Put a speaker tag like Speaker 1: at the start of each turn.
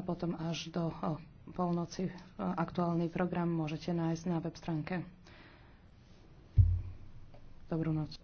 Speaker 1: a potom až do polnoci aktuálny program môžete nájsť na web stránke. Dobrú noc.